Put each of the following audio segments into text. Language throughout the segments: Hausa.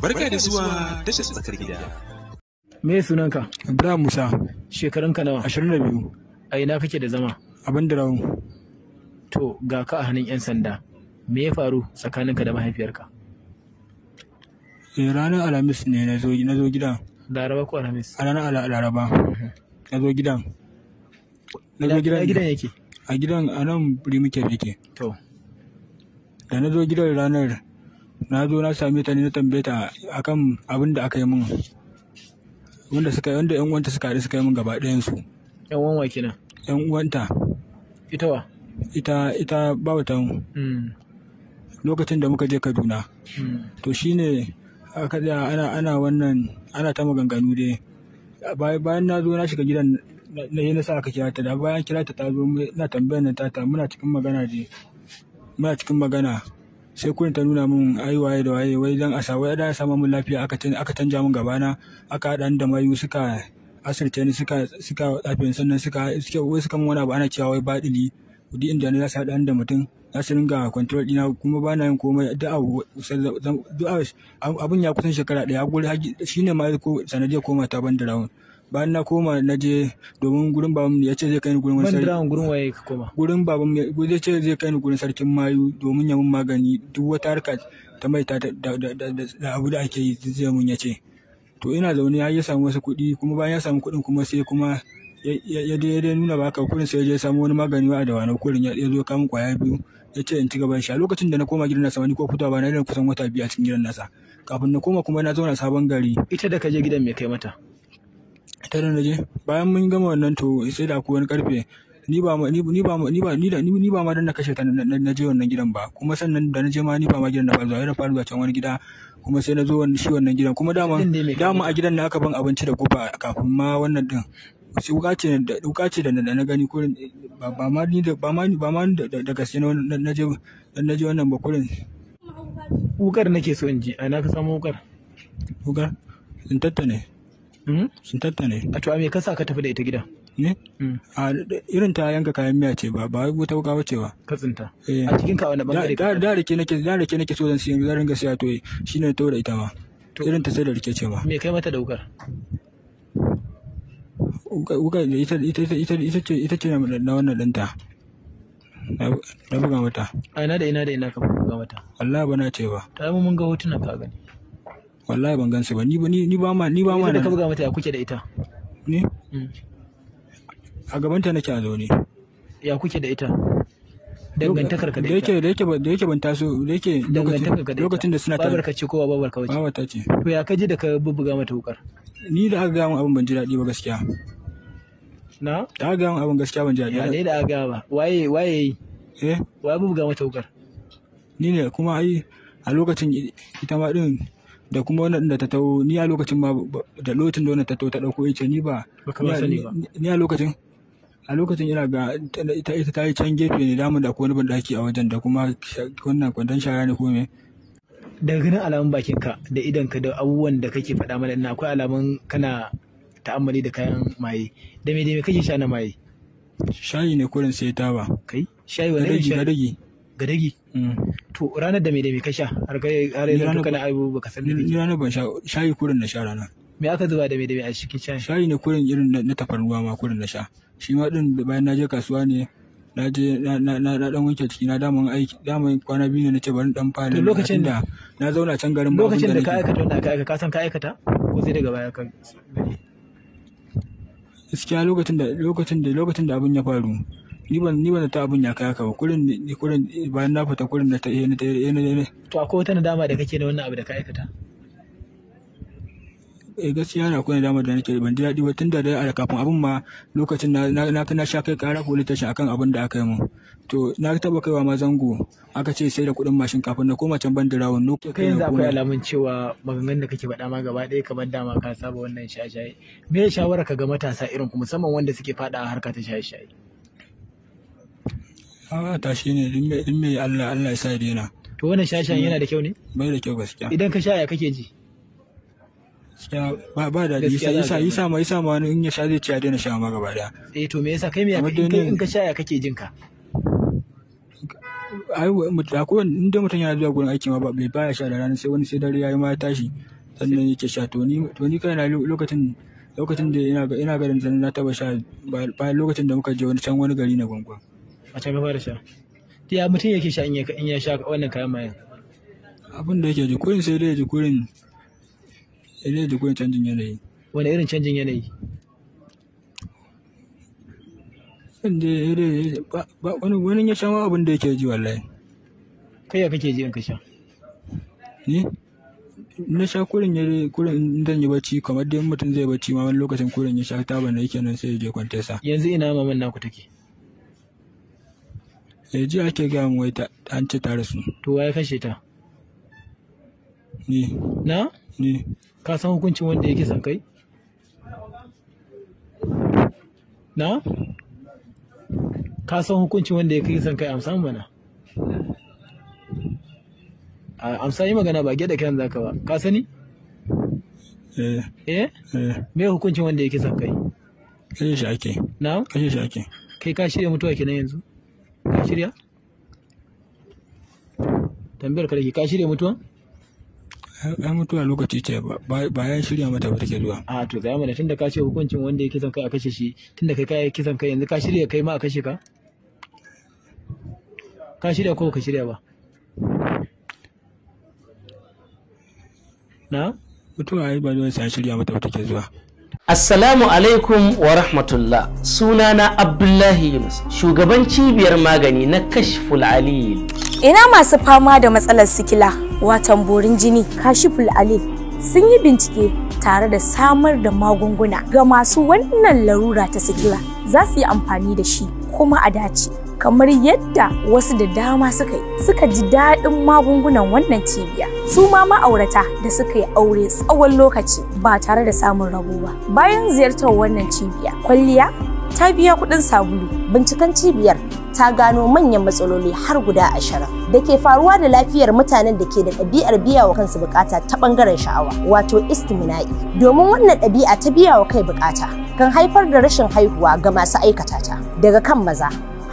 Barka da zuwa tashar tsakar gida. Me sunanka? Ibrahim Musa. Shekarunka nawa? Ashirin da biyu. A ina kake da zama? Abin da rawun. To ga ka a hannun 'yan sanda. Me ya faru tsakaninka da mahaifiyarka? Eh, ranar Alhamis ne na zo gida. Laraba ko Alhamis? A ranar Laraba. Mhm. Na zo gidan. Na zo gidan. gidan yake? A gidan a nan Rimi Kebbi To. Da na zo gidan ranar na zo na same ta ne na tambaye ta akan abin da aka yi min wanda suka yi wanda yan uwanta suka haɗu suka yi min gaba ɗayan su yan uwan wa kenan yan uwanta ita wa ita ita bawatan hmm. lokacin da muka je Kaduna hmm. to shine aka ana ana wannan ana ta maganganu dai bayan na zo na shiga gidan na yi nasa aka kira ta da bayan kira ta ta zo na tambayar ta ta muna cikin magana je muna cikin magana sai kun ta nuna min ai waye da waye wai dan asa wai da sama mun lafiya aka aka mun min gabana aka haɗa da mayu suka asirce ni suka suka tsafin sannan suka suke wai suka mun wani abu ana cewa wai badili kudi inda ne za su haɗa da mutum za su ringa control ɗina kuma ba na yin komai da abun ya kusan shekara ɗaya shi ne ma sanadiyar koma ta ban da rawun bayan na koma na je domin gurin babanmu ya ce zai kai ni gurin wani sarki man gurin waye ka koma gurin babanmu ya ce zai kai ni gurin sarkin mayu domin ya mun magani duk wata harka ta mai ta da abu da ake yi zai mun ya ce to ina zaune ya samu wasu kuɗi kuma bayan ya samu kuɗin kuma sai kuma ya dai dai nuna baka kurin sai ya je samu wani magani wa da wani kurin ya zo kamun kwaya biyu ya ce in ci gaban shi a lokacin da na koma gidan nasa wani ko fitowa ba na da kusan wata biyu a cikin gidan nasa kafin na koma kuma na zauna sabon gari ita da ka je gidan me kai mata tara na je bayan mun gama wannan to sai da akwai wani ƙarfe ni ba ma ni ba ni ba ni da ni ba ma dan na kashe ta na je wannan gidan ba kuma sannan da naje ma ni ba ma gidan da fara zuwa na fara zuwa can wani gida kuma sai na zo wannan shi wannan gidan kuma dama dama a gidan na aka ban abinci da guba kafin ma wannan din sai wuka ce da wuka ce da na gani kurin ba ma ni da ba ma ni ba ma da gaske na je na je wannan ba kurin wukar nake so in ji a na ka samu wukar wukar in tattane Hmm? sun tattane a to me kasa ka tafi da ita gida ne hmm. a irin ta yanka kayan miya ce ba ba wuta wuka wace ba katsinta eh. a cikin ka wani bangare da da rake nake da nake so zan siya zarin ringa siya to shi to da ita ma irin ta sai da rike ce ba me kai mata da wukar wukar ita ita ita ita ce ita ce na wannan danta na buga mata a ina da ina da ina ka buga mata Allah na ce ba ta yi mun ga hotuna ka gani wallahi ban gansu ba ni ba ni ba ma ni ba ma da ka buga mata ya kuke da ita ne mm. a gaban ta nake a zaune ya kuke da ita dangantakar ka da yake da yake da yake ban taso da yake lokacin da suna ta babarka ce ko babarka wace ta ce to ya kaji da ka bubbuga mata wukar ni da aka ga mun abin ban ji daɗi ba gaskiya na da aka ga mun abin gaskiya ban ji daɗi ya dai da aka ga ba waye waye eh wa bubbuga mata wukar ni ne kuma ai a lokacin ita ma din da kuma wannan da ta tau ni a lokacin ma da lotin da wannan ta tau ta dauko yace ni ba ni a lokacin a lokacin ina ga ita ita ta yi can gefe ne damun da akwai wani bandaki a wajen da kuma wannan kwandon shara ne ko me daga ganin alamun bakinka da ka da abubuwan da kake faɗa mana ina akwai alamun kana ta'ammali da kayan maye da me da me kake sha na maye shayi ne kurin sai ta ba kai shayi wani shayi gadagi. Mm. to ranar da mai da ka sha har kai har yanzu na abu baka san da ni ranar ban sha shayi kurin na sha ranar me aka zuba da mai da a cikin shayi shayi ne kurin irin na tafarnuwa ma kurin na sha shi ma din bayan na je kasuwa ne na je na dan wanke ciki na damun aiki damun kwana biyu ne nace bari dan fara lokacin da na zauna can garin lokacin da ka aikata wannan ka aikata ka san ka aikata ko sai daga baya ka gaskiya lokacin da lokacin da lokacin da abin ya faru ni ban ni ban ta abun ya kai haka ba kurin kurin bayan na fita kurin na ta iya eh, na ta eh, na eh, na to akwai wata nadama da kake da wannan abu da ka aikata eh gaskiya na akwai nadama da nake ban ji daɗi ba tun da a kafin abun ma lokacin na na na sha kai ƙara police station akan abun da aka yi mu to na taba kaiwa ma zango aka ce sai da kuɗin mashin kafin na koma can ban da rawun nuka kai yanzu akwai alamun cewa maganganun da kake faɗa ma gaba ɗaya kamar dama ka saba wannan shaye-shaye me ya shawara ka ga matasa irin ku musamman wanda suke faɗa harka ta shaye-shaye ta shi ne in mai Allah Allah ya sa daina. To wannan shashan yana da kyau ne? Bai da kyau gaskiya. Idan ka sha ya kake ji? ba ba da yi sai isa ma isa ma wani in ya sha zai ci ya daina sha ma gaba daya. Eh to me yasa kai me ya in ka sha ya kake jin ka? ai akwai in mutum yana zuwa gurin aiki ma bai baya sha da rana sai wani sai dare yayi ma ya tashi sannan yake sha to ni to ni na lokacin lokacin da ina ina garin na taba sha bayan lokacin da muka je wani can wani gari na gwangwan a can ka fara sha ta ya mutum yake sha in ya sha wannan kayan mayan abin da yake jikurin sai dai jikurin sai dai jikurin canjin yanayi wani irin canjin yanayi wani ya sha ma abin da yake ji wallahi kai ya kake ji in ka sha ni na sha kurin ya kurin zan yi bacci kamar dai mutum zai bacci ma wani lokacin kurin ya sha taban da yake nan sai ya je kwantar sa yanzu ina maman naku take ya ji ake gaya mu wai ta an ce ta rasu to waye kashe ta ni na ni ka san hukuncin wanda yake san kai na ka san hukuncin wanda yake san kai amsa mana amsa yi magana ba gida kan zaka ba ka sani eh. eh eh me hukuncin wanda yake san kai kashe shi ake na kashe shi ake kai ka shirya mutuwa kenan yanzu ka shirya tambayar ka da ka shirya mutuwa ya mutuwa lokaci ce ba ya shirya mata ba take zuwa a to zai mana tunda ka ce hukuncin wanda ya kisan kai a kashe shi tunda kai kai kisan kai yanzu ka shirya kai ma a kashe ka ka shirya ko ka shirya ba na mutuwa ai ba dole sai shirya mata ba take zuwa Assalamu alaikum wa rahmatullah sunana Abdullahi Yunus shugaban cibiyar magani na Kashful Alil. Ina masu fama da matsalar sikila watan borin jini kashiful Alil sun yi bincike tare da samar da magunguna ga masu wannan larura ta sikila za su yi amfani da shi kuma a dace. kamar yadda wasu da dama suka yi suka ji daɗin magungunan wannan cibiya su ma ma'aurata da suka yi aure tsawon lokaci ba tare da samun rabo ba bayan ziyartar wannan cibiya kwalliya ta biya kuɗin sabulu binciken cibiyar ta gano manyan matsaloli har guda ashirin da ke faruwa da lafiyar mutanen da ke da ɗabi'ar biya wa kansu bukata ta ɓangaren sha'awa wato istimina'i domin wannan ɗabi'a ta biya wa kai bukata kan haifar da rashin haihuwa ga masu aikata ta daga kan maza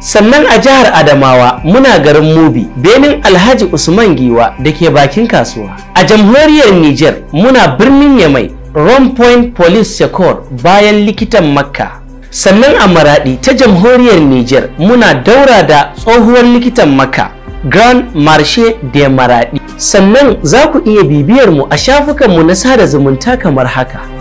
sannan a jihar adamawa muna garin mubi benin alhaji usman giwa da ke bakin kasuwa a jamhuriyar niger muna birnin yamai point police secor bayan likitan makka sannan a maradi ta jamhuriyar niger muna daura da tsohuwar likitan makka grand marche de maradi sannan za ku iya bibiyar mu a shafukanmu na sada zumunta kamar haka